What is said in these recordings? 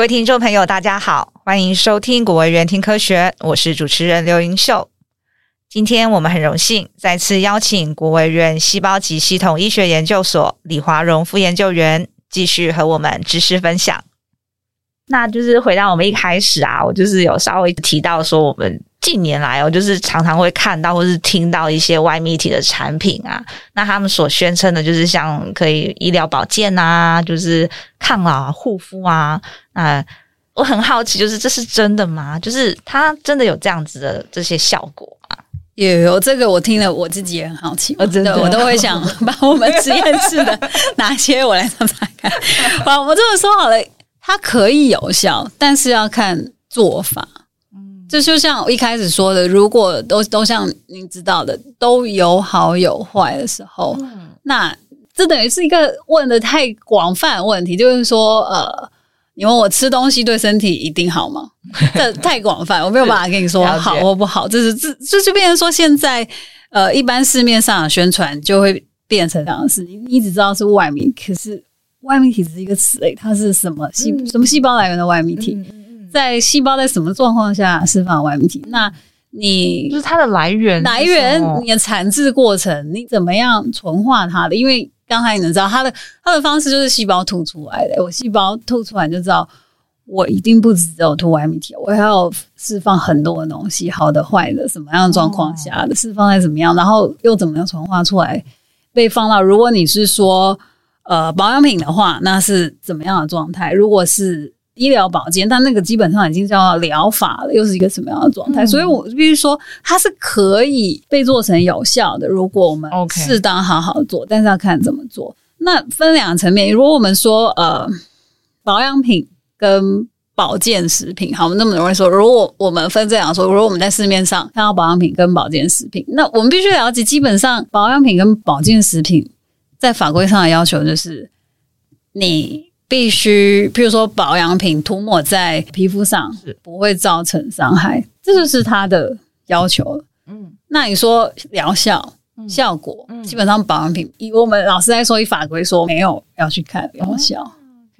各位聽眾朋友，大家好，歡迎收聽國衛院聽科學，我是主持人劉英秀。今天我們很榮幸再次邀請國衛院細胞及系統醫學研究所李華容副研究員繼續和我們知識分享。那就是回到我們一開始啊，我就是有稍微提到說我們。近年來，我就是常常會看到或是聽到一些外泌體的產品啊，那他們所宣稱的，就是像可以醫療保健啊，就是抗老、啊、護膚啊，啊、呃，我很好奇，就是這是真的嗎？就是它真的有這樣子的這些效果、啊？有有，這個我聽了，我自己也很好奇，我、哦、真的我都會想把我們實驗室的拿些我來嘗嘗看。好， 我這麼說好了，它可以有效，但是要看做法。這就像我一開始說的，如果都都像您知道的，都有好有壞的時候，嗯、那這等於是一個問得太廣泛的太廣泛問題。就是說，呃，你問我吃東西對身體一定好嗎？ 這太廣泛，我沒有辦法跟你說好或不好。是這是這這就變成說，現在呃，一般市面上的宣傳就會變成這樣的事情。你只知道是外泌，可是外泌體是一個詞類，欸，它是什麼細什麼細，嗯，胞來源的外泌體？嗯嗯在細胞在什麼狀況下釋放外泌體？那你就是它的來源，來源、你的產制過程，你怎麼樣純化它的？因為剛才你能知道它的它的方式就是細胞吐出來的。我細胞吐出來就知道，我一定不只只有吐外泌體，我還有釋放很多的東西，好的、壞的，什麼樣的狀況下釋放在怎麼樣，然後又怎麼樣純化出來被放到。如果你是說呃保養品的話，那是怎麼樣的狀態？如果是。醫療保健，但那個基本上已經叫療法了，又是一個什麼樣的狀態？嗯、所以，我必須說，它是可以被做成有效的，如果我們適當好好做，Okay. 但是要看怎麼做。那分兩層面，如果我們說呃，保養品跟保健食品，好，我們那麼容易說。如果我們分這兩個說，如果我們在市面上看到保養品跟保健食品，那我們必須了解，基本上保養品跟保健食品在法規上的要求就是你，必須，譬如說保養品塗抹在皮膚上是不會造成傷害，這就是它的要求。嗯，那你說療效、嗯、效果，嗯、基本上保養品以我們老師在說以法規說沒有要去看療效，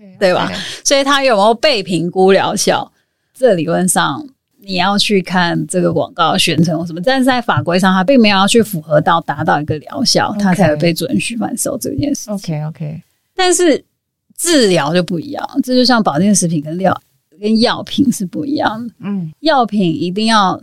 嗯、對吧？Okay, okay. 所以它有沒有被評估療效，這理論上你要去看這個廣告宣稱或什麼，但是在法規上它並沒有要去符合到達到一個療效，它 Okay. 才會被准許販售這件事。OK OK，但是。治療就不一樣，這就像保健食品跟藥跟藥品是不一樣的。嗯，藥品一定要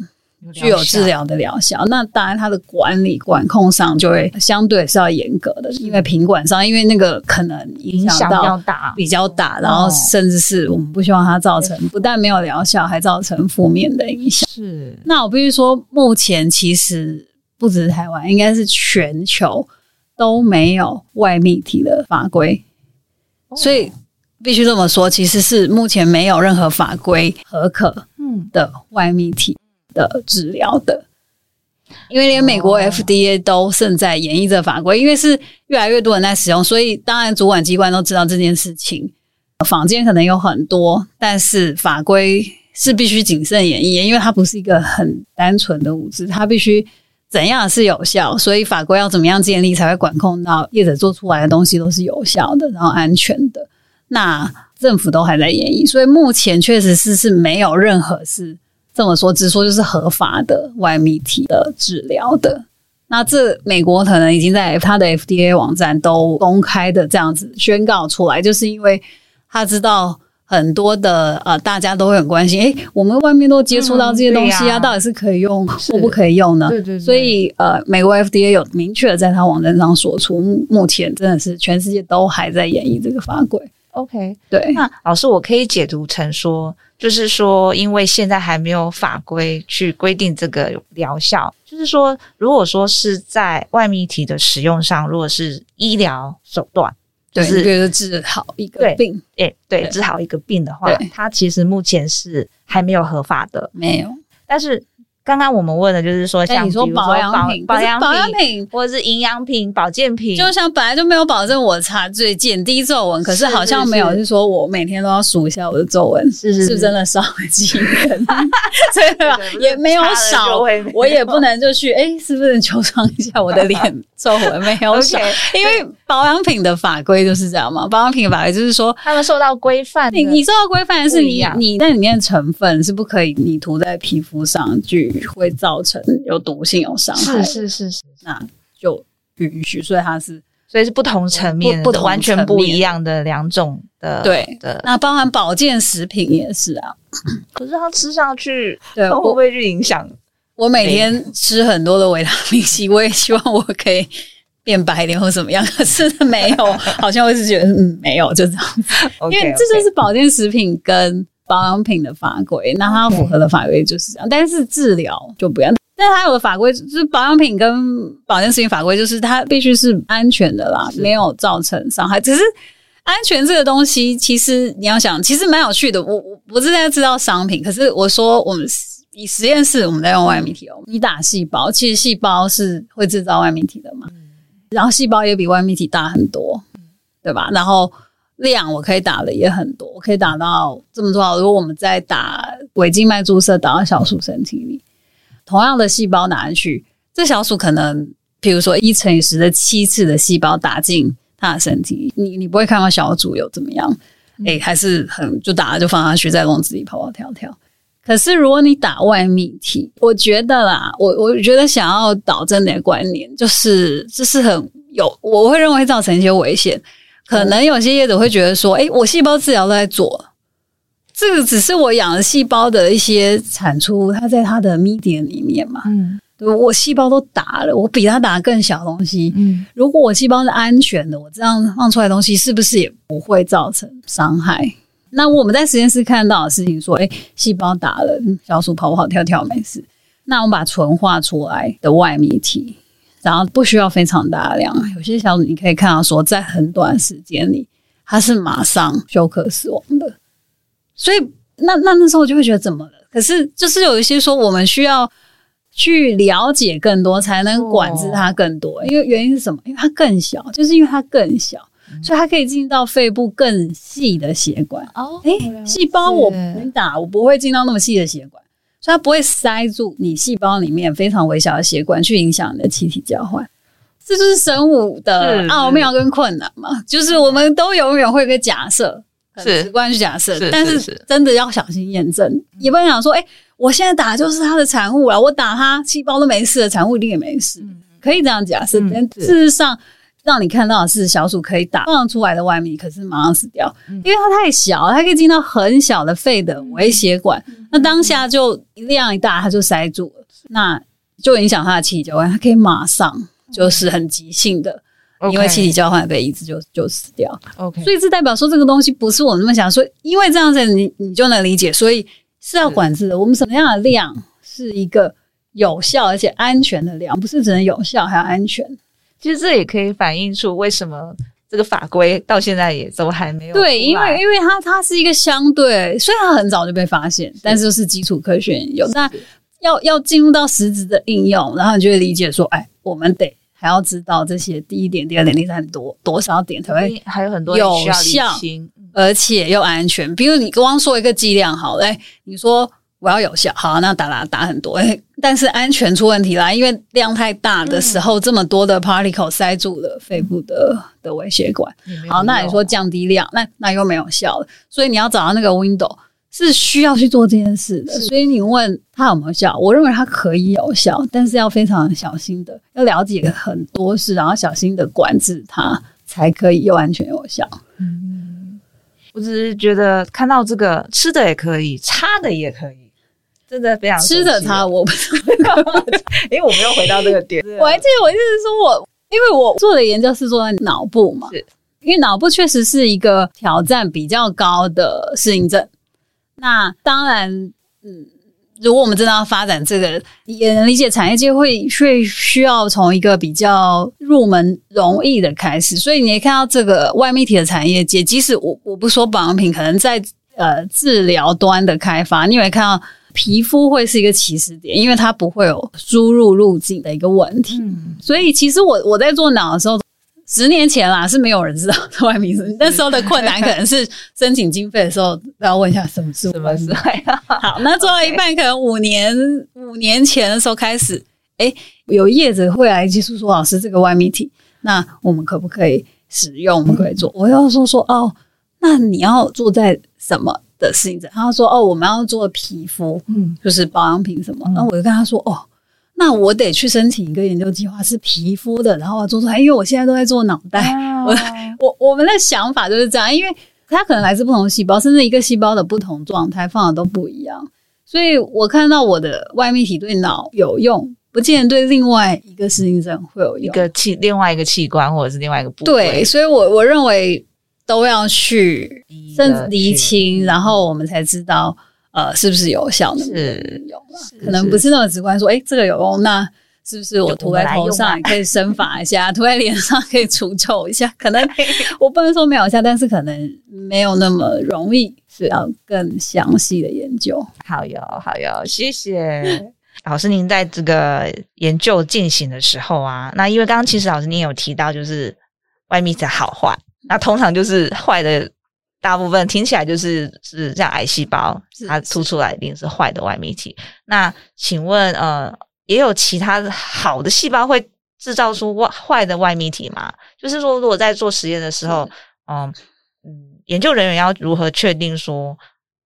具有治療的療效，了解。那當然它的管理管控上就會相對是要嚴格的，嗯，因為品管上，因為那個可能影響到比較大，比較大，然後甚至是我們不希望它造成不但沒有療效，還造成負面的影響。是，那我必須說，目前其實不只是台灣，應該是全球都沒有外泌體的法規。所以必須這麼說，其實是目前沒有任何法規核可的外泌體的治療的，因為連美國 FDA 都正在研擬這法規，因為是越來越多人在使用，所以當然主管機關都知道這件事情。坊間可能有很多，但是法規是必須謹慎研擬，因為它不是一個很單純的物質，它必須。怎樣是有效？所以法規要怎麼樣建立，才會管控到業者做出來的東西都是有效的，然後安全的。那政府都還在研議，所以目前確實是是沒有任何是這麼說之，只說就是合法的外泌體的治療的。那這美國可能已經在他的 FDA 網站都公開的這樣子宣告出來，就是因為他知道。很多的呃大家都會很關心。誒、欸，我們外面都接觸到這些東西啊，嗯、啊到底是可以用或不可以用呢？對對，對。所以呃，美國 FDA 有明確的在它網站上說出，目目前真的是全世界都還在演繹這個法規。OK，對。那老師，我可以解讀成說，就是說，因為現在還沒有法規去規定這個療效，就是說，如果說是在外泌體的使用上，如果是醫療手段，就是、對，治好一個病，對，對對對治好一個病的話，對它其實目前是還沒有合法的，對嗯、沒有。但是。剛剛我們問的就是說，像你說保養品，保養品或者是營養品，保健品，就像本來就沒有保證我擦最減低皺紋，可是好像沒有，就是說我每天都要數一下我的皺紋，是不是真的少了幾根？所以也沒有少，我也不能就去哎，是不是求證一下我的臉皺紋沒有少？因為保養品的法規就是這樣嘛，保養品的法規就是說他們受到規範，你你受到規範的是你你那裡面的成分是不可以你塗在皮膚上去。會造成有毒性、有傷害，是是是是,是，那就允許，所以它是，所以是不同層面不、不同，完全不一樣的兩種的，對的。那包含保健食品也是啊，可是它吃下去，對會不會去影響？我每天吃很多的維他命 C，我也希望我可以變白一點或怎麼樣，可是沒有，好像我是覺得嗯，沒有就這樣子，okay, okay. 因為這就是保健食品跟。保養品的法規，那它符合的法規就是這樣。Okay. 但是治療就不要，但它有的法規就是保養品跟保健食品法規，就是它必須是安全的啦，是沒有造成傷害。只是安全這個東西，其實你要想，其實蠻有趣的。我我不是在製造商品，可是我說我們以實驗室我們在用外泌體，哦，你打細胞，其實細胞是會製造外泌體的嘛。然後細胞也比外泌體大很多，對吧？然後，量我可以打的也很多，我可以打到這麼多。如果我們再打尾靜脈注射，打到小鼠身體裡，同樣的細胞拿下去，這小鼠可能，譬如說，一乘以十的七次的細胞打進它的身體，你你不會看到小鼠有怎麼樣？誒還是很就打了就放下去，在籠子裡跑跑跳跳。可是如果你打外泌體，我覺得啦，我我覺得想要倒真的觀念，就是就是很有，我會認為會造成一些危險。可能有些業主會覺得說：“誒，我細胞治療都在做，這個只是我養的細胞的一些產出，它在它的 medium 裡面嘛。嗯，對，我細胞都打了，我比它打得更小的東西。嗯，如果我細胞是安全的，我這樣放出來的東西是不是也不會造成傷害？那我們在實驗室看到的事情說，誒，細胞打了，小鼠跑跑跑跳跳，沒事。那我們把純化出來的外泌體。”然後不需要非常大量，有些小組你可以看到說，在很短時間裡，它是馬上休克死亡的。所以，那那那時候我就會覺得怎麼了？可是就是有一些說，我們需要去了解更多，才能管制它更多。哦、因為原因是什麼？因為它更小，就是因為它更小，嗯、所以它可以進到肺部更細的血管。哦，哎，細胞我沒打，我不會進到那麼細的血管。它不會塞住你細胞裡面非常微小的血管，去影響你的氣體交換，這就是生物的奧妙跟困難嘛。是是是，就是我們都永遠會有個假設，很直觀去假設，是是是是，但是真的要小心驗證。是是是，也不能想說，哎、欸，我現在打的就是它的產物啊，我打它細胞都沒事的，產物一定也沒事，嗯、可以這樣假設。但事實上，嗯、讓你看到的是小鼠可以打放出來的外泌體，可是馬上死掉，因為它太小了，它可以進到很小的肺的微血管。嗯嗯。那當下就量一大，它就塞住了，那就影響它的氣體交換。它可以馬上就是很急性的，Okay. 因為氣體交換被抑制，就就死掉。OK，所以這代表說這個東西不是我那麼想說，因為這樣子你你就能理解，所以是要管制的。是我們什麼樣的量是一個有效而且安全的量？不是只能有效還要安全。其實這也可以反映出為什麼。這個法規到現在也都還沒有。對，因為因為它它是一個相對，雖然很早就被發現，但是就是基礎科學有，那是要要進入到實質的應用，是然後你就會理解說，哎，我們得還要知道這些第一點、第二點、第三點多多少點才會有還有很多有效，而且又安全。比如你光剛剛說一個劑量好，好嘞，你說。我要有效，好，啊，那打打打很多，哎，但是安全出問題啦，因為量太大的時候，嗯、這麼多的 particle 塞住了肺部的的微血管。好，那你說降低量，那那又沒有效了。所以你要找到那個 window，是需要去做這件事的。是所以你問它有沒有效，我認為它可以有效，但是要非常小心的，要了解很多事，然後小心的管制它，才可以又安全有效。嗯，我只是覺得看到這個吃的也可以，擦的也可以。真的非常吃着它，啊、我不知道因為、 欸、我沒有回到這個點， 的我還記得，我就是說我，因為我做的研究是做在腦部嘛，是的因為腦部確實是一個挑戰比較高的適應症。嗯、那當然，嗯，如果我們真的要發展這個，也能理解，產業界會會需要從一個比較入門容易的開始。所以你也看到這個外泌體的產業界，即使我我不說保養品，可能在呃治療端的開發，你有沒有看到？皮膚會是一個起始點，因為它不會有輸入路徑的一個問題。嗯、所以其實我我在做腦的時候，十年前啦是沒有人知道這外泌體，嗯、那時候的困難可能是申請經費的時候要、嗯、問一下什麼是什麼是。嗯嗯、好，Okay. 那做到一半，可能五年五年前的時候開始，哎，有業者會來接觸說：“老師，這個外泌體，那我們可不可以使用？可可以做？”嗯、我要說說哦，那你要做在什麼？的適應症，他說：“哦，我們要做皮膚，嗯，就是保養品什麼。嗯”然後我就跟他說：“哦，那我得去申請一個研究計劃，是皮膚的，然後我要做出來，因為我現在都在做腦袋。啊我”我我我們的想法就是這樣，因為它可能來自不同細胞，甚至一個細胞的不同狀態放的都不一樣，所以我看到我的外泌體對腦有用，不見得對另外一個適應症會有用，一個器另外一個器官或者是另外一個部位。對，所以我我認為。都要去，一個 甚至釐清，去然後我們才知道，呃，是不是有效的是？是，可能不是那麼直觀。說，誒、欸，這個有用，那是不是我塗在頭上可以生髮一下，啊、塗在臉上可以除臭一下？可能 我不能說沒有效，但是可能沒有那麼容易，是要更詳細的研究。好喲，好喲，謝謝 老師。您在這個研究進行的時候啊，那因為剛剛其實老師您有提到，就是外泌體的好壞。那通常就是壞的，大部分聽起來就是是像癌細胞，它突出來一定是壞的外泌體。那請問，呃，也有其他的好的細胞會制造出壞、壞的外泌體嗎？就是說，如果在做實驗的時候，嗯是、呃、嗯，研究人員要如何確定說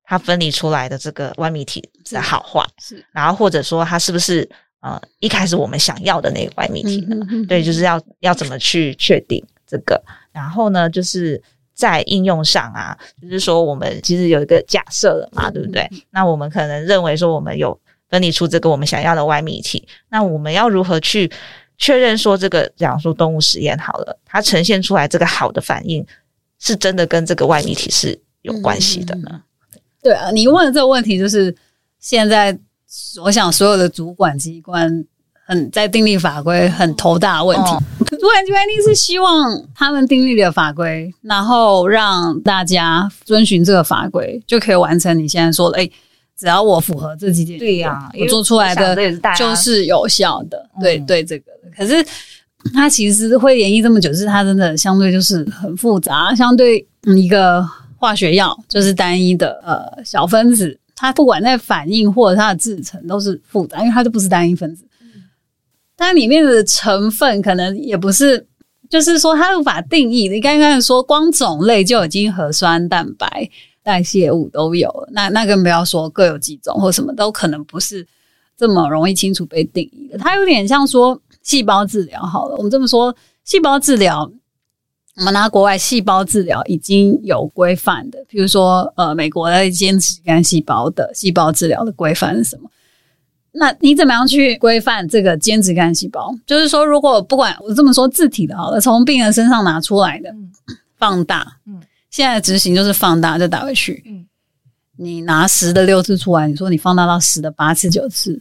它分離出來的這個外泌體的好壞？然後或者說它是不是呃一開始我們想要的那個外泌體呢？嗯、哼哼對，就是要要怎麼去確定？這個，然後呢，就是在應用上啊，就是說我們其實有一個假設了嘛，對不對？那我們可能認為說，我們有分離出這個我們想要的外泌體，那我們要如何去確認說，這個，假如說動物實驗好了，它呈現出來這個好的反應，是真的跟這個外泌體是有關係的呢、嗯嗯？對啊，你問的這個問題，就是現在我想所有的主管機關很在訂立法規，很頭大的問題。哦自然一定是希望他們訂立了法規，然後讓大家遵循這個法規，就可以完成你現在說的。哎、欸，只要我符合這幾點，對呀，對我做出來的就是有效的。對對，對這個。可是它其實會演繹這麼久，是它真的相對就是很複雜。相對、嗯、一個化學藥就是單一的呃小分子，它不管在反應或者它的制程都是複雜，因為它都不是單一分子。但它裡面的成分可能也不是，就是說它無法定義。你剛剛說光種類就已經核酸、蛋白、代謝物都有了，那那更不要說各有幾種或什麼，都可能不是這麼容易清楚被定義的。它有點像說細胞治療好了，我們這麼說，細胞治療，我們拿國外細胞治療已經有規範的，比如說呃，美國的間質幹細胞的細胞治療的規範是什麼？那你怎麼樣去規範這個間質幹細胞？就是說，如果不管我這麼說，自體的，好了，從病人身上拿出來的，放大，現在的執行就是放大就打回去，你拿十的六次出來，你說你放大到十的八次九次，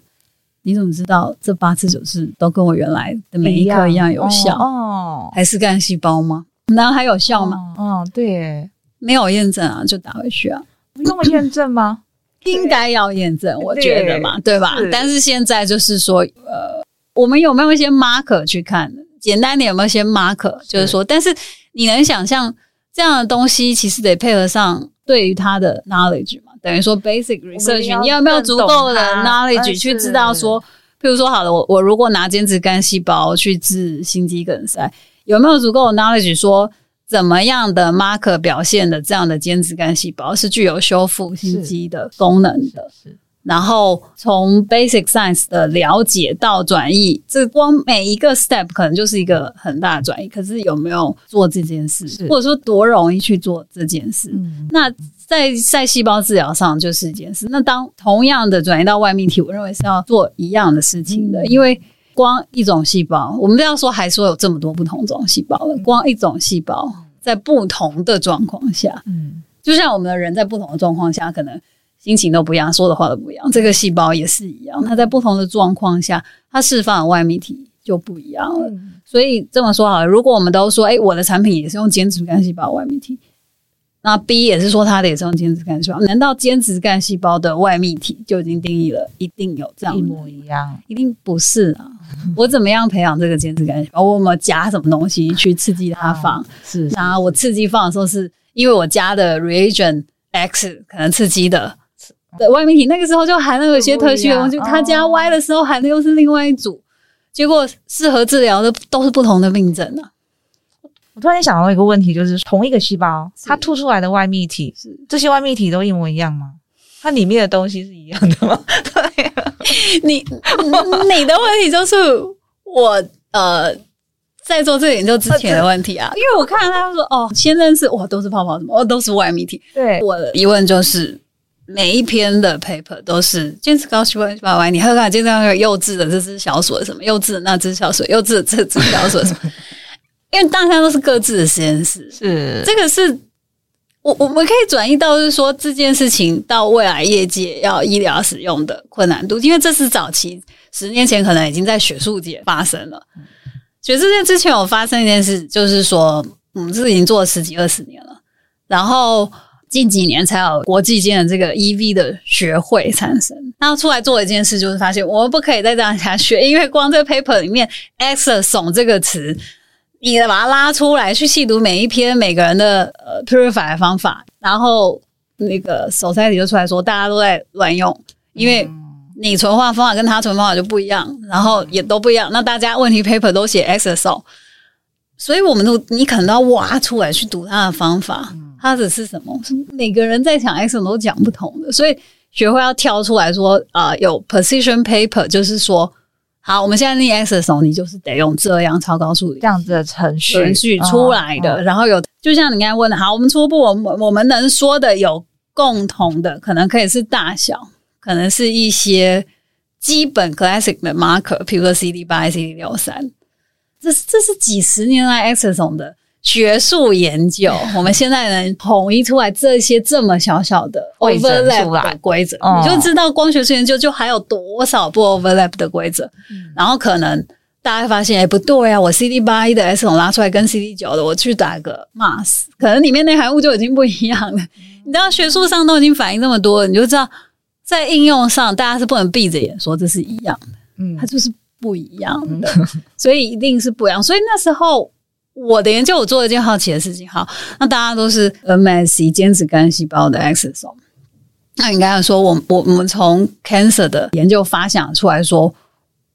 你怎麼知道這八次九次都跟我原來的每一顆一樣有效？哦，哦還是幹細胞嗎？難道還有效嗎？哦，哦，對耶，沒有驗證啊，就打回去啊，不用驗證嗎？ 對應該要驗證，我覺得嘛，對，對吧？是但是現在就是說，呃，我們有沒有一些 marker 去看？簡單點，有沒有一些 marker？是就是說，但是你能想象這樣的東西，其實得配合上對於它的 knowledge 嘛，等於說 basic research，你有沒有足夠的 knowledge 是去知道說，是譬如說，好了，我我如果拿間質幹細胞去治心肌梗塞，有沒有足夠的 knowledge 說？怎麼樣的 marker 表現的這樣的間質幹細胞是具有修復心肌的功能的？然後從 basic science 的了解到轉移，這光每一個 step 可能就是一個很大的轉移。可是有沒有做這件事？是或者說多容易去做這件事？是那在在細胞治療上就是一件事。那當同樣的轉移到外泌體，我認為是要做一樣的事情的，嗯、因為。光一種細胞，我們不要說，還說有這麼多不同種細胞了。光一種細胞，在不同的狀況下，嗯，就像我們的人在不同的狀況下，可能心情都不一樣，說的話都不一樣。這個細胞也是一樣，它在不同的狀況下，它釋放的外泌體就不一樣了。所以這麼說好了，如果我們都說，哎，我的產品也是用間質幹細胞外泌體。那 B 也是說它的也是這種間質幹細胞，難道間質幹細胞的外泌體就已經定義了，一定有這樣一模一樣？一定不是啊！嗯、哼我怎麼樣培養這個間質幹細胞？我有沒有加什麼東西去刺激它放？啊，是、是、是啊，我刺激放的時候是，是因為我加的 reagent X 可能刺激的是對外泌體，那個時候就含了有些特殊的東西。不不他加 Y 的時候含的又是另外一組，哦、結果適合治療的都是不同的病症呢、啊。我突然想到一個問題，就是同一個細胞，它吐出來的外泌體，這些外泌體都一模一樣嗎？它裡面的東西是一樣的嗎？對啊，你你的問題就是我呃在做這個研究之前的問題啊，啊因為我看到他說哦，現在是哇都是泡泡什麼哦都是外泌體，對，我的疑問就是每一篇的 paper 都是堅持高 e s g 把 s w 你看看今天那個幼稚的這隻小鼠什麼幼稚的那隻小鼠幼稚的這隻小鼠什麼。 因為大家都是各自的實驗室，是這個是，我我們可以轉移到就是說這件事情到未來業界要醫療使用的困難度，因為這是早期十年前可能已經在學術界發生了。學術界之前有發生一件事，就是說我們、嗯、這已經做了十幾二十年了，然後近幾年才有國際間的這個 EV 的學會產生。那出來做一件事，就是發現我們不可以再這樣下去，因為光在 paper 裡面 exosome 這個詞。你得把它拉出來去細讀每一篇、每個人的呃 purify 的方法，然後那個手塞裡就出來說，大家都在亂用，因為你存放方法跟他存放方法就不一樣，然後也都不一樣。那大家問題 paper 都寫 exosome 的時候，所以我們都你可能都要挖出來去讀他的方法，他的是什麼？每個人在講 exosome 都講不同的，所以學會要跳出來說啊、呃，有 position paper，就是說。好，我們現在練 exosome 的時候，你就是得用這樣超高速這樣子的程序，程序出來的，哦、然後有就像你剛才問的，好，我們初步我們我們能說的有共同的，可能可以是大小，可能是一些基本 classic 的 marker，比如說 CD8 還是 CD63，這這是幾十年來 exosome 總的。學術研究， 我們現在能統一出來這些這麼小小的 overlap 規則，哦、你就知道光學術研究就還有多少不 overlap 的規則。嗯、然後可能大家會發現，哎、欸，不對呀，啊，我 CD 八一的 S 桶拉出來跟 CD 九的，我去打個 mask 可能裡面內含物就已經不一樣了。你知道學術上都已經反映這麼多了，你就知道在應用上大家是不能閉着眼說這是一樣的，嗯，它就是不一樣的，嗯、所以一定是不一樣。所以那時候。我的研究，我做了一件好奇的事情。好，那大家都是 MSC 間質幹細胞的 exosome。那你剛才說，我我我們從 cancer 的研究發想出來說，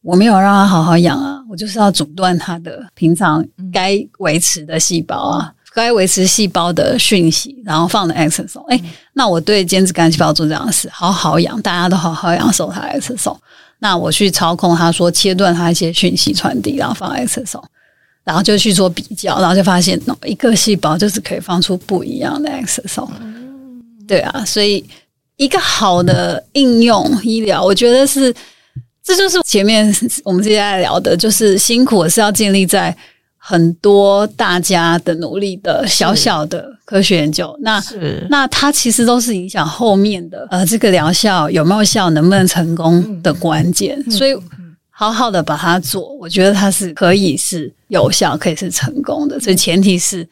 我沒有讓他好好養啊，我就是要阻斷他的平常該維持的細胞啊，該維持細胞的訊息，然後放的 exosome。哎，那我對間質幹細胞做這樣的事，好好養，大家都好好養，收他的 exosome。那我去操控他，說切斷他一些訊息傳遞，然後放 exosome。然後就去做比較，然後就發現一個細胞就是可以放出不一樣的 exosome，對啊，所以一個好的應用醫療，我覺得是，這就是前面我們今天在聊的，就是辛苦是要建立在很多大家的努力的小小的科學研究，是那是那它其實都是影響後面的呃這個療效有沒有效、能不能成功的關鍵，嗯、所以。好好的把它做，我覺得它是可以是有效，可以是成功的。所以前提是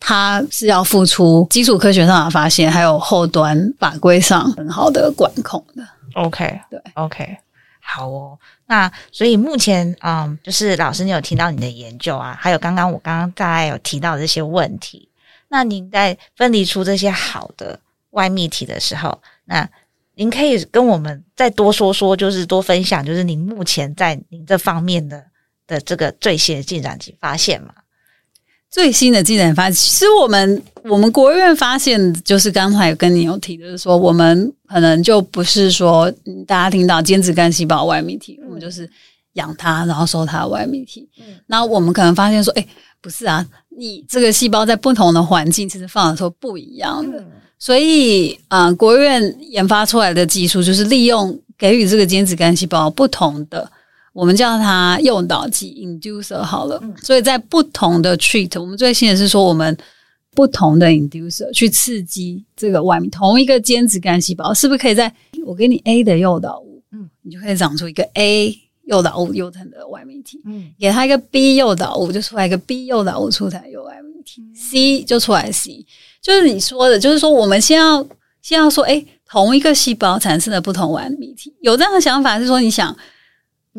它是要付出基礎科學上的發現，還有後端法規上很好的管控的。OK，對，OK，好哦。那所以目前，嗯，就是老師，你有提到你的研究啊，還有剛剛我剛剛大概有提到的這些問題，那您在分離出這些好的外泌體的時候，那。您可以跟我們再多說說，就是多分享，就是您目前在您這方面的的這個最新的進展及發現嘛？最新的進展發現，其實我們、嗯、我們國衛院發現，就是剛才跟你有提的是說，說、嗯、我們可能就不是說，大家聽到間質幹細胞外泌體，我們就是養它，然後收它外泌體。嗯，那我們可能發現說，誒，不是啊，你這個細胞在不同的環境其實放的時候不一樣的。嗯所以，啊、呃，國衛院研發出來的技術就是利用給予這個間質幹細胞不同的，我們叫它誘導劑 （inducer） 好了。嗯、所以在不同的 treat，我們最新的是說，我們不同的 inducer 去刺激這個外泌同一個間質幹細胞，是不是可以在我給你 A 的誘導物，嗯，你就可以長出一個 A 誘導物誘導的外泌體。嗯，給它一個 B 誘導物，就出來一個 B 誘導物出來的外泌體。嗯、C 就出來 C。就是你說的，就是說我們先要先要說，誒同一個細胞產生了不同外泌體，有這樣的想法是說，你想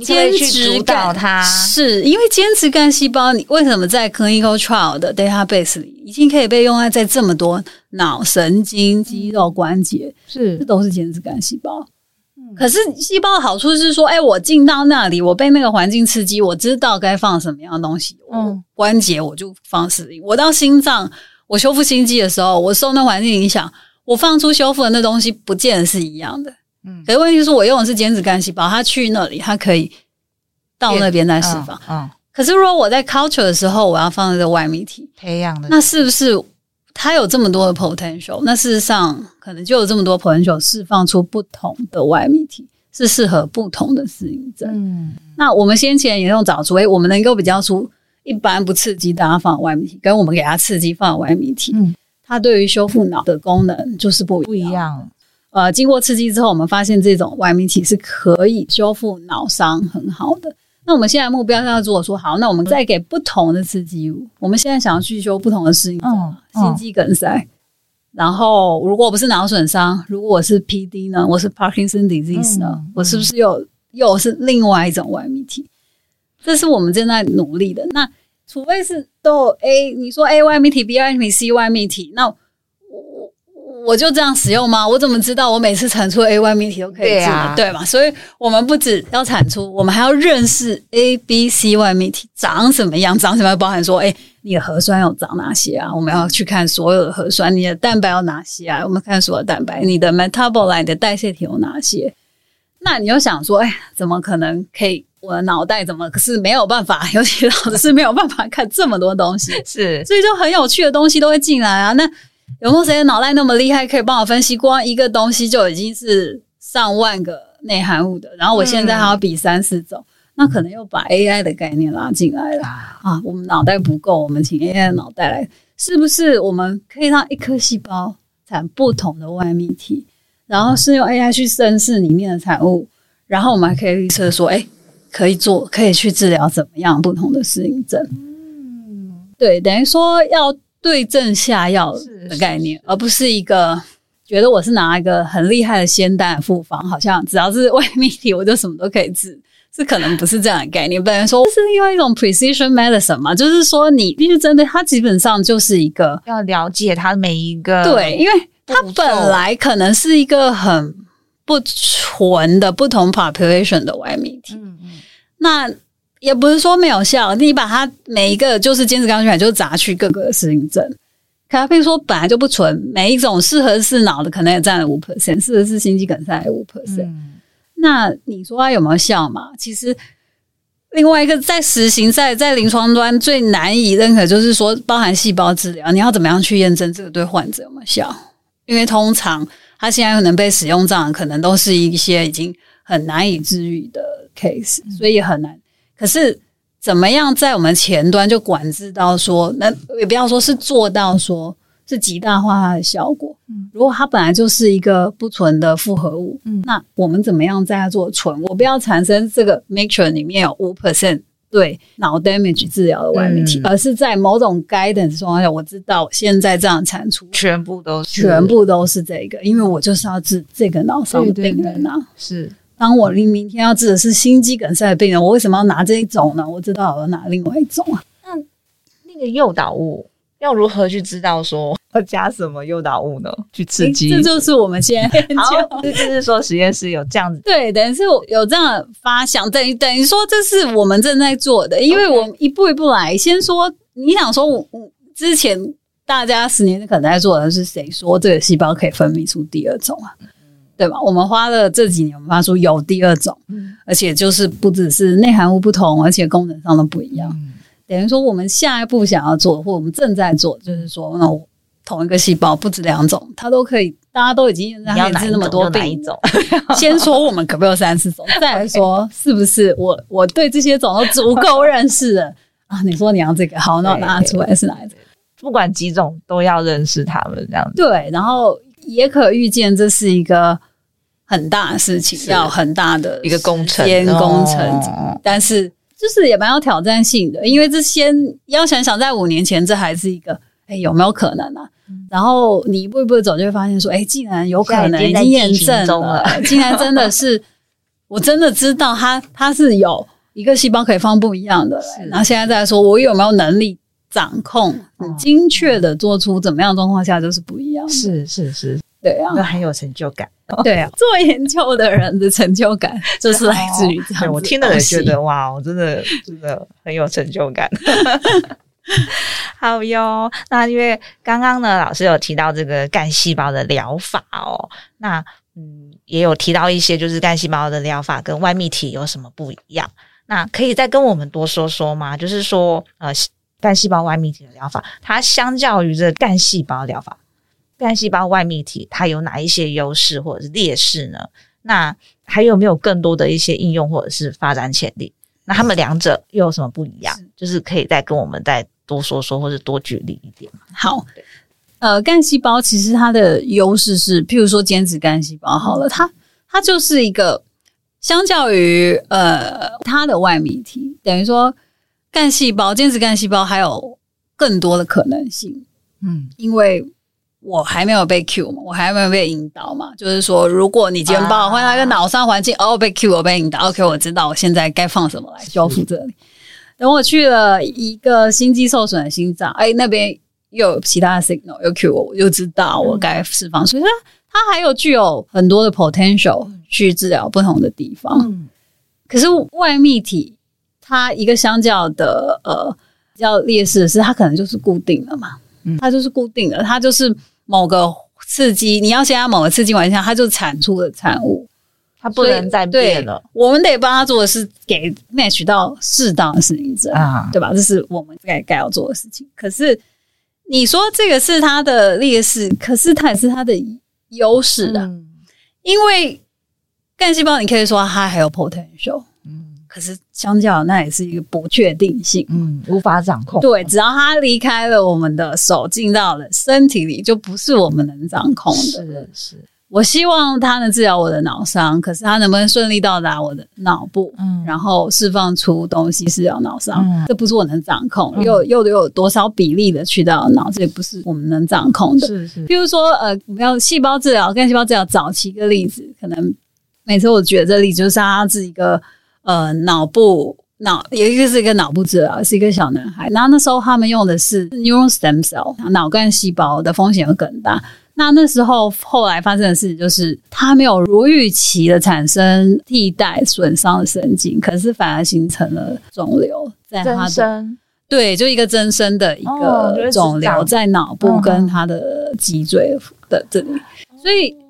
間質你去主導它，是因為間質幹細胞，你為什麼在 clinical trial 的 database 裡已經可以被用在在這麼多腦神經肌肉關節，是這都是間質幹細胞。嗯，可是細胞的好處是說，誒我進到那裡，我被那個環境刺激，我知道該放什麼樣的東西。嗯，關節我就放什我到心臟。我修復心肌的時候，我受那環境影響，我放出修復的那東西，不見得是一樣的。嗯，可是問題是我用的是間質幹細胞，它去那裡，它可以到那邊再釋放。嗯嗯，可是如果我在 culture 的時候，我要放在外泌體培養的，那是不是它有這麼多的 potential？嗯，那事實上可能就有這麼多 potential，釋放出不同的外泌體是適合不同的適應症。嗯，那我們先前也用找出，哎，我們能夠比較出。一般不刺激，大家放外泌體，跟我們給它刺激放外泌體，嗯，它對於修復腦的功能就是不不一樣。呃，經過刺激之後，我們發現這種外泌體是可以修復腦傷很好的。那我們現在目標是要做說，好，那我們再給不同的刺激物。嗯、我們現在想要去修不同的適應症。嗯、心肌梗塞。嗯、然後，如果我不是腦損傷，如果我是 PD 呢？我是 Parkinson disease 呢？嗯、我是不是又、嗯、又是另外一種外泌體？這是我們正在努力的。那除非是都有 A，你說 A 外泌體 B 外泌體 C 外泌體，那我我我就這樣使用嗎？我怎麼知道我每次產出 A 外泌體都可以這樣？對嘛、啊？所以我們不只要產出，我們還要認識 A B C 外泌體長什麼樣，長什麼樣包含說，哎、欸，你的核酸有長哪些啊？我們要去看所有的核酸，你的蛋白有哪些啊？我們看所有蛋白，你的 metabolite 你的代謝體有哪些？那你要想說，哎、欸，怎麼可能可以？我的腦袋怎麼可是沒有辦法，尤其老是是沒有辦法看這麼多東西，是，所以就很有趣的東西都會進來啊。那有沒有誰的腦袋那麼厲害，可以幫我分析光一個東西就已經是上萬個內含物的？然後我現在還要比三四種，嗯、那可能又把 AI 的概念拉進來了啊。我們腦袋不夠，我們請 AI 的腦袋來，是不是我們可以讓一顆細胞產不同的外泌體，然後是用 AI 去審視裡面的產物，然後我們還可以預測說，哎。可以做，可以去治療怎麼樣不同的適應症？嗯，對，等於說要對症下藥的概念，而不是一個覺得我是拿一個很厲害的仙丹複方，好像只要是外泌體我就什麼都可以治，這可能不是這樣的概念。本來說， 這是另外一種 precision medicine 嘛，就是說你，你必須針對它基本上就是一個要了解它每一個，對，因為它本來可能是一個很。不純的不同 population 的外泌體、嗯嗯、那也不是說沒有效。你把它每一個就是尖子鋼去就就砸去各個適應症。可它譬如說本來就不純，每一種適合是腦的，可能也占了五 percent；適合是心肌梗塞，也五 percent。嗯、那你說它有沒有效嘛？其實另外一個在實行在在臨床端最難以認可，就是說包含細胞治療，你要怎麼樣去驗證這個對患者有沒有效？因為通常。它現在又能被使用上，可能都是一些已經很難以治癒的 case，所以很難。可是怎麼樣在我們前端就管制到說，那也不要說是做到說是極大化它的效果。如果它本來就是一個不純的複合物，嗯，那我們怎麼樣在它做純？我不要產生這個 mixture 裡面有五 percent。對腦 damage 治療的外泌體，嗯、而是在某種 guidance 狀況下，我知道現在這樣產出全部都是全部都是這個，因為我就是要治這個腦傷的病人啊。對對對是，當我明明天要治的是心肌梗塞的病人，我為什麼要拿這一種呢？我知道我要拿另外一種啊。那、嗯、那個誘導物要如何去知道說？要加什麼誘導物呢？去刺激，欸、這就是我們現在 好，這就是說實驗室有這樣子。對，等於是有這樣的發想，等於等於說這是我們正在做的，Okay. 因為我們一步一步來。先說你想說，我之前大家十年可能在做的是誰說這個細胞可以分泌出第二種啊？嗯、對吧？我們花了這幾年，我們發現說有第二種，而且就是不只是內含物不同，而且功能上的不一樣。嗯、等於說我們下一步想要做，或我們正在做，就是說那我。同一個細胞不止兩種，它都可以。大家都已經能治那麼多病，哪一種 先說我們可不可以有三四種，再來說 Okay. 是不是我？我我對這些種都足夠認識了。 啊？你說你要這個，好，那我拿出來是哪一個。不管幾種都要認識它們，這樣子。對，然後也可預見這是一個很大事情，的要很大的一個工程，天、哦、工程。但是就是也蠻有挑戰性的，因為這先要想想，在五年前這還是一個，哎，有沒有可能呢、啊？嗯、然後你一步一步走，就會發現說：“哎，竟然有可能已經驗證了，在在了竟然真的是， 我真的知道它，它是有一個細胞可以放不一樣的。的然後現在再說，我有沒有能力掌控、嗯、很精確的做出怎麼樣的狀況下就是不一樣？是是是，對啊，那很有成就感。對啊， 做研究的人的成就感就是來自於這樣的對。我聽了也覺得哇，我真的真的很有成就感。 ” 好喲，那因為剛剛呢，老師有提到這個幹細胞的療法哦，那嗯，也有提到一些就是幹細胞的療法跟外泌體有什麼不一樣。那可以再跟我們多說說嗎？就是說，呃，幹細胞外泌體的療法，它相較於這幹細胞療法，幹細胞外泌體它有哪一些優勢或者是劣勢呢？那還有沒有更多的一些應用或者是發展潛力？那他們兩者又有什麼不一樣？是。就是可以再跟我們再。多說說，或者多舉例一點。好，呃，幹細胞其實它的優勢是，譬如說間質幹細胞，好了，它它就是一個相較於呃它的外泌體，等於說幹細胞、間質幹細胞還有更多的可能性。嗯，因為我還沒有被 cue 嘛，我還沒有被引導嘛，就是說，如果你今天幫我換來一個腦傷環境，啊、哦，被 cue，我被引導，OK，我知道我現在該放什麼來修復這裡。是是。等我去了一個心肌受損的心臟，哎，那邊又有其他的 signal，又 cue 我，我就知道我該釋放。所以說，它還有具有很多的 potential 去治療不同的地方。可是外泌體它一個相較的呃比較劣勢的是，它可能就是固定的嘛，它就是固定的，它就是某個刺激，你要先按某個刺激完一下，它就產出了產物。他不能再變了，對，我們得幫他做的是給 match 到適當的適應者，啊、嗯，對吧？這是我們該該要做的事情。可是你說這個是他的劣勢，可是它也是他的優勢的，嗯、因為幹細胞你可以說它還有 potential，嗯，可是相較的那也是一個不確定性，嗯，無法掌控。對，只要它離開了我們的手，進到了身體裡，就不是我們能掌控的，是的是的。我希望它能治療我的腦傷，可是它能不能順利到達我的腦部，嗯、然後釋放出東西治療腦傷，嗯、這不是我能掌控。又又得有多少比例的去到腦子，這也不是我們能掌控的。是是。譬如說，呃，我們要細胞治療、幹細胞治療早期的例子，可能每次我覺得這裡就是阿、啊、是一個呃腦部腦，也就是一個腦部治療是一個小男孩，然後那時候他們用的是 neural stem cell 腦幹細胞的風險會更大。那那時候後來發生的事情就是，他沒有如預期的產生替代損傷的神經，可是反而形成了腫瘤在，在他的，對，就一個增生的一個腫瘤在腦部跟他的脊椎的這裡，所以。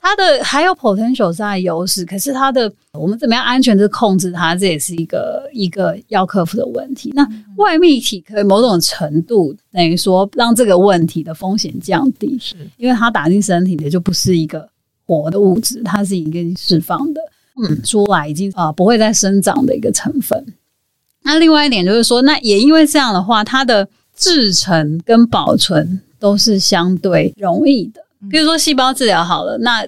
它的還有 potential 上的優勢，可是它的我們怎麼樣安全的控制它，它這也是一個一個要克服的問題。那外泌體可以某種程度等於說讓這個問題的風險降低，是因為它打進身體的就不是一個活的物質，它是已經釋放的，嗯，出來已經啊不會再生長的一個成分。那另外一點就是說，那也因為這樣的話，它的製程跟保存都是相對容易的。比如說細胞治療好了，那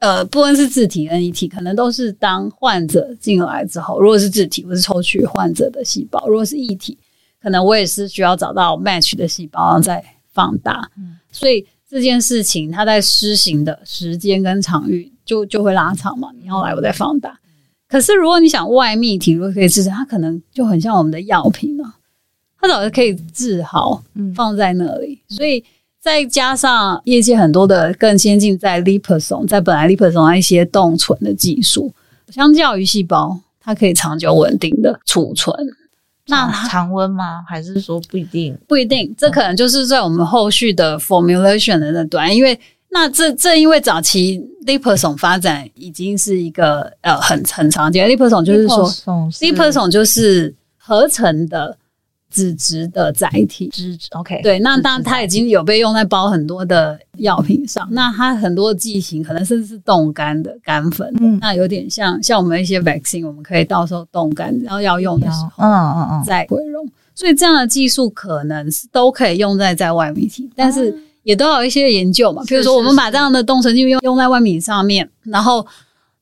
呃，不論是自體、NET，可能都是當患者進來之後，如果是自體，我是抽取患者的細胞；如果是異體，可能我也是需要找到 match 的細胞，然後再放大。嗯、所以這件事情，它在施行的時間跟場域就就會拉長嘛。你後來我再放大，嗯、可是如果你想外泌體如果可以治，它可能就很像我們的藥品啊，它老是可以治好，放在那裡，嗯、所以。再加上業界很多的更先進，在 liposome 在本來 liposome 一些凍存的技術，相較於細胞，它可以長久穩定的儲存。那常溫嗎？還是說不一定？不一定，這可能就是在我們後續的 formulation 的那端，因為那這正因為早期 liposome 發展已經是一個呃很很常見，liposome 就是說 liposome 就是合成的。脂質的載體，脂質，OK，對，那當然它已經有被用在包很多的藥品上，直直那它很多劑型可能甚至是凍乾的乾粉的，嗯，那有點像像我們一些 vaccine，我們可以到時候凍乾，然後要用的時候嗯，嗯嗯嗯，再回溶，所以這樣的技術可能是都可以用在在外泌體，但是也都有一些研究嘛，比如說我們把這樣的凍存技術用用在外泌體上面，然後。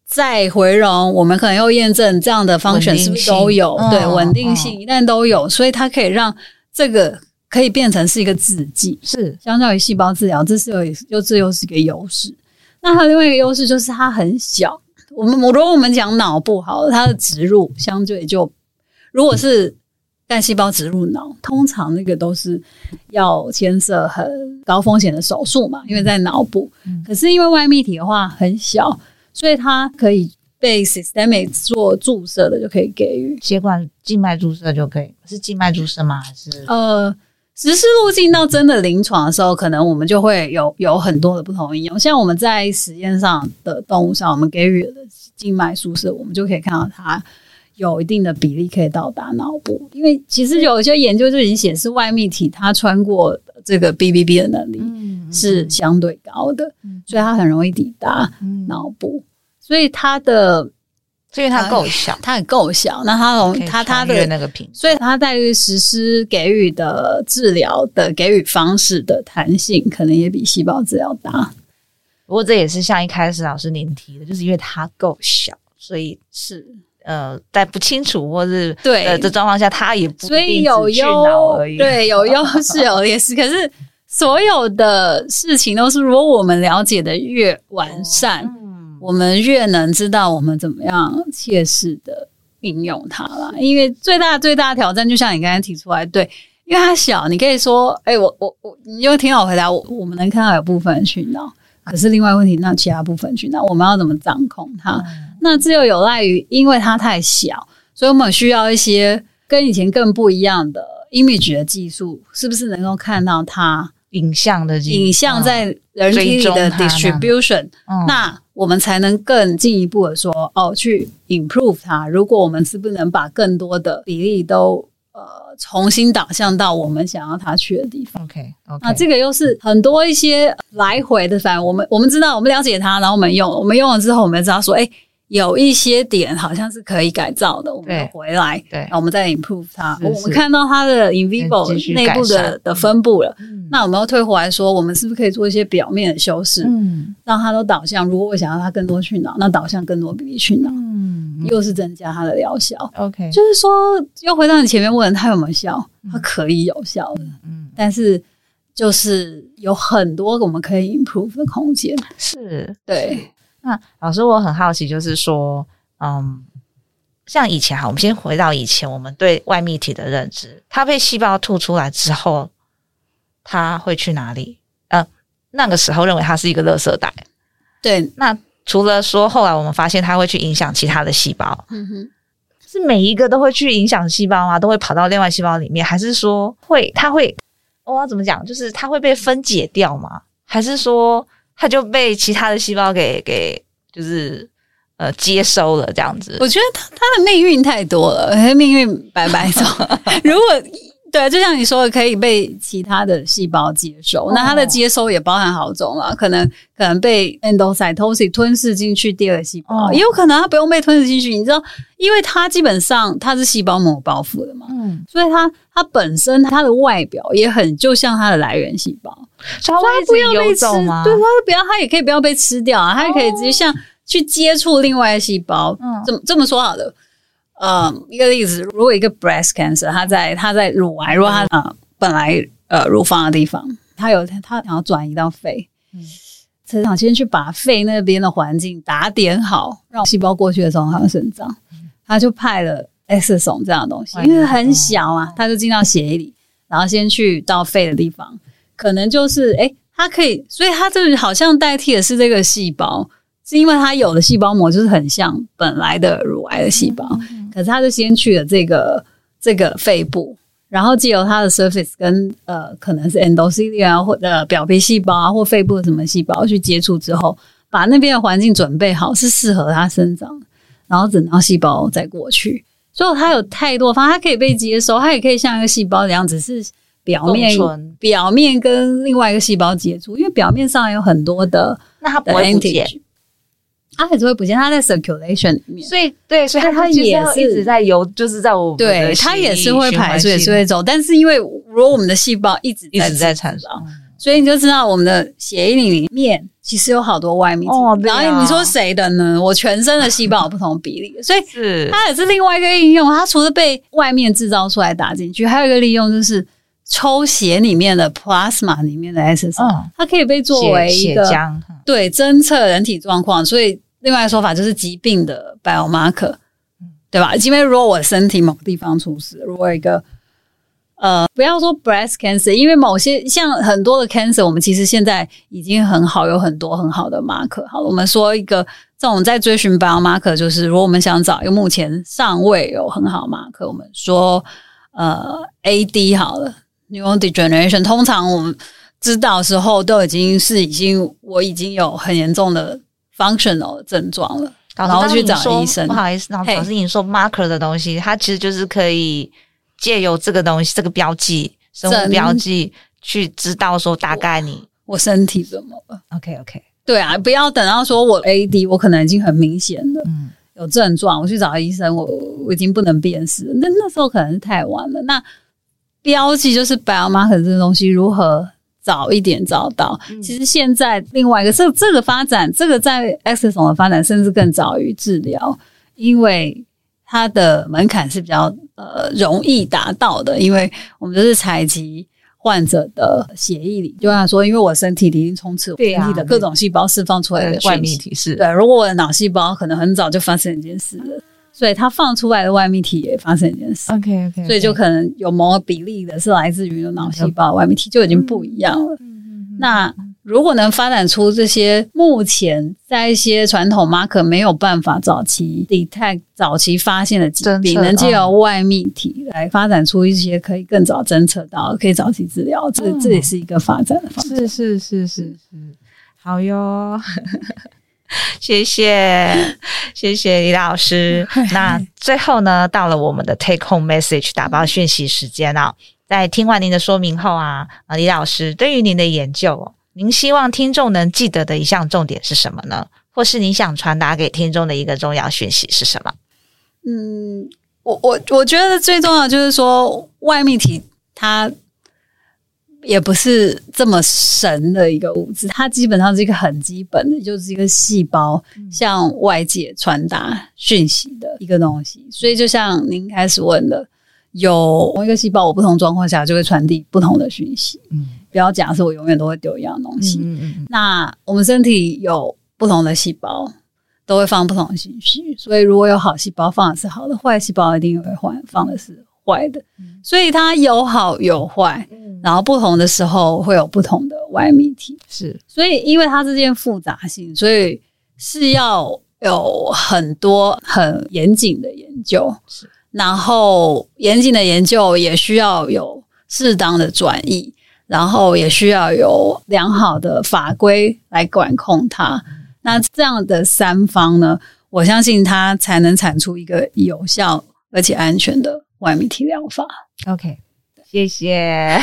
再回溶，我們可能又驗證這樣的 function 是不是都有？哦、對，穩定性一旦都有，哦、所以它可以讓這個可以變成是一個製劑，是相較於細胞治療，這是有，又這又是一個優勢。那還有另外一個優勢就是它很小。我們我如果我們講腦部好了，它的植入相對就如果是幹細胞植入腦，通常那個都是要牽涉很高風險的手術嘛，因為在腦部。可是因為外泌體的話很小。所以它可以被 systemic 做注射的，就可以給予血管靜脈注射就可以，是靜脈注射嗎？還是呃，實施路徑到真的臨床的時候，可能我們就會有有很多的不同的應用。像我們在實驗上的動物上，我們給予靜脈注射，我們就可以看到它。有一定的比例可以到達腦部，因為其實有些研究就已經顯示，外泌體它穿過這個 BBB 的能力是相對高的，嗯嗯、所以它很容易抵達腦部。嗯、所以它的，所以它夠小，它很夠小，那它容它它的那個平，所以它在於實施給予的治療的給予方式的彈性，可能也比細胞治療大。不過這也是像一開始老師您提的，就是因為它夠小，所以是。呃，在不清楚或是對的、呃、狀況下，他也不一定所以有用 對，有用是有也是，可是所有的事情都是，如果我們了解的越完善，哦嗯、我們越能知道我們怎麼樣切實的運用它啦。是因為最大最大挑戰，就像你剛才提出來，對，因為它小，你可以說，哎、欸，我我我，你又挺好回答。我我們能看到有部分去腦，嗯、可是另外問題，那其他部分去腦，我們要怎麼掌控它？嗯那這又有賴於，因為它太小，所以我們需要一些跟以前更不一樣的 image 的技術，是不是能夠看到它影像的影像在人體裡的 distribution？嗯那，嗯、那我們才能更進一步的說，哦，去 improve 它。如果我們是不能把更多的比例都呃重新導向到我們想要它去的地方，OK？okay 那這個又是很多一些來回的反應，反正我們我們知道，我們了解它，然後我們用，我們用了之後，我們知道說，哎、欸。有一些點好像是可以改造的，我們回來，對，那我們再 improve 它。是是我們看到它的 in vivo 內部的的分布了，嗯、那我們要退回來說，我們是不是可以做一些表面的修飾，嗯、讓它都導向？如果我想要它更多去腦，那導向更多比例去腦，嗯，又是增加它的療效。OK，、嗯、就是說，又回到你前面問它有沒有效，它可以有效的，嗯、但是就是有很多我們可以 improve 的空間，是對。那老師，我很好奇，就是說，嗯，像以前哈，我們先回到以前，我們對外泌體的認知，它被細胞吐出來之後，它會去哪裡？嗯、呃，那個時候認為它是一個垃圾袋。對。那除了說，後來我們發現它會去影響其他的細胞，嗯哼，是每一個都會去影響細胞啊，都會跑到另外細胞裡面，還是說會它會，我、哦、要、啊、怎麼講？就是它會被分解掉嗎？還是說？他就被其他的細胞給給就是呃接收了，這樣子。我覺得他他的命運太多了，命運白白走了。 如果。對，就像你說的，可以被其他的細胞接收。哦哦，那它的接收也包含好種啦，可能可能被 endocytosis 吞噬進去，第二細胞，哦、也有可能它不用被吞噬進去。你知道，因為它基本上它是細胞膜包覆的嘛，嗯、所以它它本身它的外表也很就像它的來源細胞，所以不要被吃嗎？對，它不要，它也可以不要被吃掉啊，它也可以直接像，哦、去接觸另外的細胞。嗯，這麼這麼說好了。呃，um, 一個例子，如果一個 breast cancer 它在它在乳癌，如果它呃本來呃乳房的地方，它有它想要轉移到肺，它、嗯、想先去把肺那邊的環境打點好，讓細胞過去的時候它生長，嗯、它就派了 S 等這樣的東西，因為很小啊，它就進到血液裡，然後先去到肺的地方，可能就是誒，它可以，所以它這好像代替的是這個細胞，是因為它有的細胞膜就是很像本來的乳癌的細胞。嗯嗯可是它就先去了這個這個肺部，然後借由它的 surface 跟呃，可能是 endothelial 或呃表皮細胞啊、或肺部的什麼細胞去接觸之後，把那邊的環境準備好，是適合它生長，然後等到細胞再過去。所以它有太多，方，它可以被接收，它也可以像一個細胞一樣，只是表面存表面跟另外一個細胞接觸，因為表面上有很多的，那它不會它還是會不見，它在 circulation 裡面，所以對，所以它也是一直在游，就是在我對，它也是會排出，也是會走，但是因為如果我們的細胞一直一直在產生，所以你就知道我們的血液裡面其實有好多外泌體。然後你說誰的呢？我全身的細胞有不同比例，所以它也是另外一個應用。它除了被外面製造出來打進去，還有一個利用就是抽血裡面的 plasma 裡面的 S S，它可以被作為一個對，偵測人體狀況，所以。另外的說法就是疾病的 biomarker，對吧？因為如果我身體某個地方出事，如果一個呃，不要說 breast cancer，因為某些像很多的 cancer，我們其實現在已經很好，有很多很好的 marker。好了，我們說一個，這種在追尋 biomarker，就是如果我們想找一個目前尚未有很好 marker，我們說呃，AD 好了，neurodegeneration，通常我們知道的時候都已經是已經我已經有很嚴重的。functional 症狀了，然後去找醫生。不好意思，hey, 老師，你說 marker 的東西，它其實就是可以借由這個東西，這個標記、生物標記，整去知道說大概你我，我身體怎麼了。OK，OK，okay, okay. 對啊，不要等到說我 AD，我可能已經很明顯了、嗯、有症狀，我去找醫生，我我已經不能辨識，那那時候可能是太晚了。那標記就是 biomarker 這個東西如何？早一點找到，其實現在另外一個這這個發展，這個在 X 總的發展甚至更早於治療，因為它的門檻是比較呃容易達到的，因為我們就是採集患者的血液裡，就像說，因為我身體已經充斥，身體的各種細胞釋放出來的、啊、外泌體是，對，如果我的腦細胞可能很早就發生一件事了。所以它放出來的外泌體也發生一件事。OK OK，okay. 所以就可能有某個比例的是來自於腦細胞的外泌體就已經不一樣了。嗯嗯嗯嗯、那如果能發展出這些目前在一些傳統 marker 沒有辦法早期 detect 早期發現的疾病，哦、能借由外泌體來發展出一些可以更早偵測到、可以早期治療，這、嗯、這也是一個發展的方式。是是是是是，好喲。 謝謝，謝謝李老師。那最後呢，到了我們的 take home message 打包訊息時間了。在聽完您的說明後啊，啊，李老師，對於您的研究，您希望聽眾能記得的一項重點是什麼呢？或是你想傳達給聽眾的一個重要訊息是什麼？嗯，我我我覺得最重要的就是說外泌體它，也不是這麼神的一個物質，它基本上是一個很基本的，就是一個細胞向外界傳達訊息的一個東西。所以，就像您開始問的，有同一個細胞，我不同狀況下就會傳遞不同的訊息。嗯，不要假設我永遠都會丟一樣東西。嗯，嗯嗯，那我們身體有不同的細胞都會放不同的訊息，所以如果有好細胞放的是好的，壞細胞一定會換放的是壞，壞的，所以它有好有壞，嗯、然後不同的時候會有不同的外泌體。是，所以因為它之間複雜性，所以是要有很多很嚴謹的研究。是，然後嚴謹的研究也需要有適當的轉移，然後也需要有良好的法規來管控它。嗯、那這樣的三方呢，我相信它才能產出一個有效而且安全的外泌體療法，OK，對謝謝，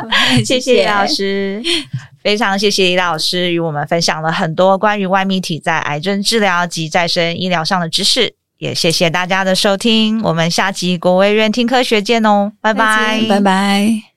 謝謝李老師， 非常謝謝李老師與我們分享了很多關於外泌體在癌症治療及再生醫療上的知識，也謝謝大家的收聽，我們下集國衛院聽科學見哦，拜拜 bye，拜拜。